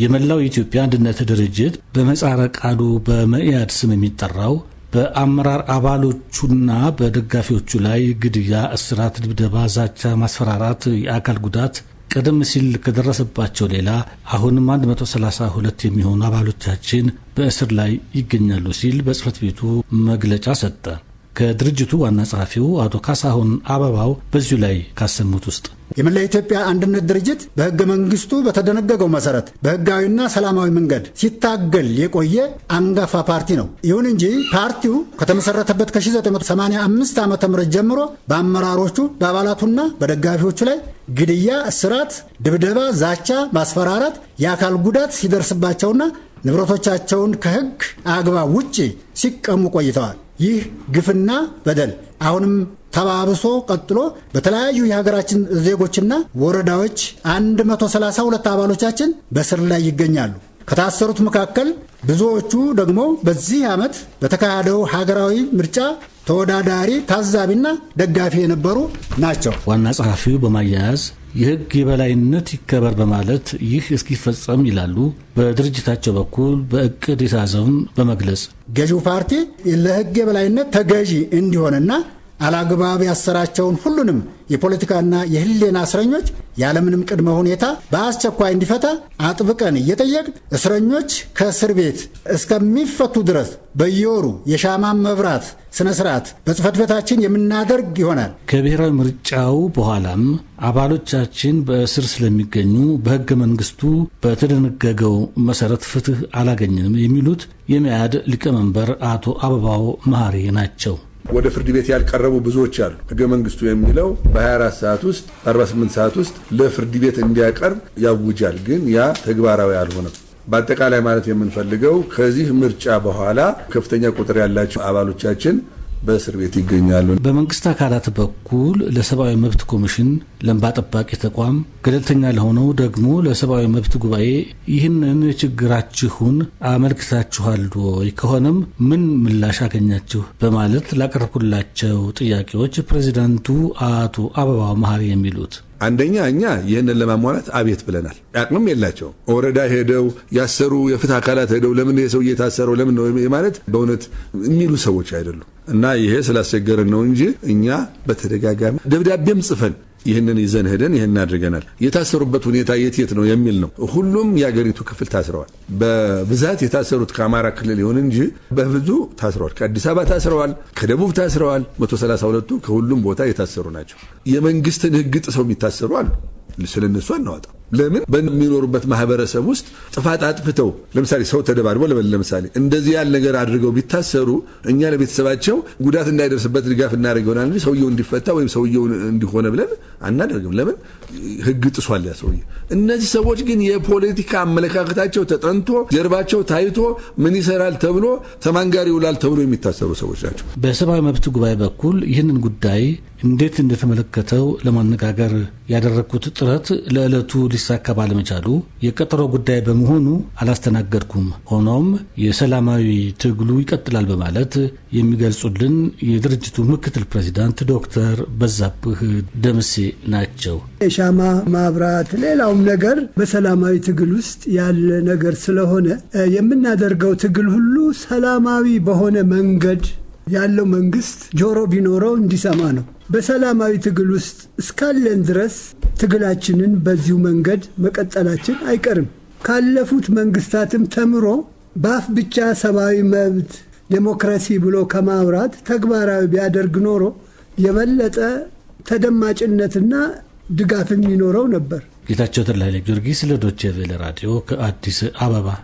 የመላው የኢትዮጵያ አንድነት ድርጅት በመጻረ ቃሉ በመኢአድ ስም የሚጠራው በአመራር አባሎቹና በደጋፊዎቹ ላይ ግድያ፣ እስራት፣ ድብደባ፣ ዛቻ፣ ማስፈራራት፣ የአካል ጉዳት ቀደም ሲል ከደረሰባቸው ሌላ አሁንም 132 የሚሆኑ አባሎቻችን በእስር ላይ ይገኛሉ ሲል በጽህፈት ቤቱ መግለጫ ሰጠ። ከድርጅቱ ዋና ጸሐፊው አቶ ካሳሁን አበባው በዚሁ ላይ ካሰሙት ውስጥ የመላ ኢትዮጵያ አንድነት ድርጅት በህገ መንግስቱ በተደነገገው መሰረት በህጋዊና ሰላማዊ መንገድ ሲታገል የቆየ አንጋፋ ፓርቲ ነው። ይሁን እንጂ ፓርቲው ከተመሰረተበት ከ1985 ዓ ም ጀምሮ በአመራሮቹ በአባላቱና በደጋፊዎቹ ላይ ግድያ፣ እስራት፣ ድብደባ፣ ዛቻ፣ ማስፈራራት፣ የአካል ጉዳት ሲደርስባቸውና ንብረቶቻቸውን ከህግ አግባብ ውጭ ሲቀሙ ቆይተዋል። ይህ ግፍና በደል አሁንም ተባብሶ ቀጥሎ በተለያዩ የሀገራችን ዜጎችና ወረዳዎች 132 አባሎቻችን በስር ላይ ይገኛሉ። ከታሰሩት መካከል ብዙዎቹ ደግሞ በዚህ ዓመት በተካሄደው ሀገራዊ ምርጫ ተወዳዳሪ ታዛቢና ደጋፊ የነበሩ ናቸው። ዋና ጸሐፊው በማያያዝ የህግ የበላይነት ይከበር በማለት ይህ እስኪፈጸም ይላሉ። በድርጅታቸው በኩል በእቅድ የተያዘውን በመግለጽ ገዢው ፓርቲ ለህግ የበላይነት ተገዢ እንዲሆንና አላግባብ ያሰራቸውን ሁሉንም የፖለቲካና የህሊና እስረኞች ያለምንም ቅድመ ሁኔታ በአስቸኳይ እንዲፈታ አጥብቀን እየጠየቅን እስረኞች ከእስር ቤት እስከሚፈቱ ድረስ በየወሩ የሻማ መብራት ስነ ስርዓት በጽህፈት ቤታችን የምናደርግ ይሆናል። ከብሔራዊ ምርጫው በኋላም አባሎቻችን በእስር ስለሚገኙ በህገ መንግስቱ በተደነገገው መሰረት ፍትህ አላገኘንም የሚሉት የመያድ ሊቀመንበር አቶ አበባው መሐሪ ናቸው። ወደ ፍርድ ቤት ያልቀረቡ ብዙዎች አሉ። ህገ መንግስቱ የሚለው በ24 ሰዓት ውስጥ 48 ሰዓት ውስጥ ለፍርድ ቤት እንዲያቀርብ ያውጃል። ግን ያ ተግባራዊ አልሆነም። በአጠቃላይ ማለት የምንፈልገው ከዚህ ምርጫ በኋላ ከፍተኛ ቁጥር ያላቸው አባሎቻችን በእስር ቤት ይገኛሉ። በመንግስት አካላት በኩል ለሰብአዊ መብት ኮሚሽን፣ ለእንባ ጠባቂ ተቋም፣ ገለልተኛ ለሆነው ደግሞ ለሰብአዊ መብት ጉባኤ ይህንን ችግራችሁን አመልክታችኋል ወይ? ከሆነም ምን ምላሽ አገኛችሁ? በማለት ላቀረብኩላቸው ጥያቄዎች ፕሬዚዳንቱ አቶ አበባው መሀሪ የሚሉት አንደኛ እኛ ይህንን ለማሟላት አቤት ብለናል። አቅምም የላቸውም። ወረዳ ሄደው ያሰሩ የፍትህ አካላት ሄደው ለምን የሰው እየታሰረው ለምን ነው ማለት በእውነት የሚሉ ሰዎች አይደሉም። እና ይሄ ስላስቸገረን ነው እንጂ እኛ በተደጋጋሚ ደብዳቤም ጽፈን ይህንን ይዘን ሄደን ይህን አድርገናል። የታሰሩበት ሁኔታ የት የት ነው የሚል ነው። ሁሉም የአገሪቱ ክፍል ታስረዋል። በብዛት የታሰሩት ከአማራ ክልል ይሁን እንጂ በብዙ ታስረዋል። ከአዲስ አበባ ታስረዋል፣ ከደቡብ ታስረዋል። 132ቱ ከሁሉም ቦታ የታሰሩ ናቸው። የመንግስትን ህግ ጥሰው የሚታሰሩ አሉ። ስለነሱ አናወጣም። ለምን በሚኖሩበት ማህበረሰብ ውስጥ ጥፋት አጥፍተው ለምሳሌ ሰው ተደባድቦ ለምሳሌ እንደዚህ ያለ ነገር አድርገው ቢታሰሩ እኛ ለቤተሰባቸው ጉዳት እንዳይደርስበት ድጋፍ እናደርግ ይሆናል እንጂ ሰውየው እንዲፈታ ወይም ሰውየው እንዲሆነ ብለን አናደርግም። ለምን ህግ ጥሷል ያ ሰውየ። እነዚህ ሰዎች ግን የፖለቲካ አመለካከታቸው ተጠንቶ ጀርባቸው ታይቶ ምን ይሰራል ተብሎ ተማን ጋር ይውላል ተብሎ የሚታሰሩ ሰዎች ናቸው። በሰብአዊ መብት ጉባኤ በኩል ይህንን ጉዳይ እንዴት እንደተመለከተው ለማነጋገር ያደረግኩት ጥረት ለዕለቱ ሊሳካ ባለመቻሉ የቀጠሮ ጉዳይ በመሆኑ አላስተናገድኩም፣ ሆኖም የሰላማዊ ትግሉ ይቀጥላል በማለት የሚገልጹልን የድርጅቱ ምክትል ፕሬዚዳንት ዶክተር በዛብህ ደምሴ ናቸው። የሻማ ማብራት ሌላውም ነገር በሰላማዊ ትግል ውስጥ ያለ ነገር ስለሆነ የምናደርገው ትግል ሁሉ ሰላማዊ በሆነ መንገድ ያለው መንግስት ጆሮ ቢኖረው እንዲሰማ ነው። በሰላማዊ ትግል ውስጥ እስካለን ድረስ ትግላችንን በዚሁ መንገድ መቀጠላችን አይቀርም። ካለፉት መንግስታትም ተምሮ በአፍ ብቻ ሰብአዊ መብት ዴሞክራሲ ብሎ ከማውራት ተግባራዊ ቢያደርግ ኖሮ የበለጠ ተደማጭነትና ድጋፍም ይኖረው ነበር። ጌታቸው ተድላ ኃይለ ጊዮርጊስ ለዶቼ ቬለ ራዲዮ ከአዲስ አበባ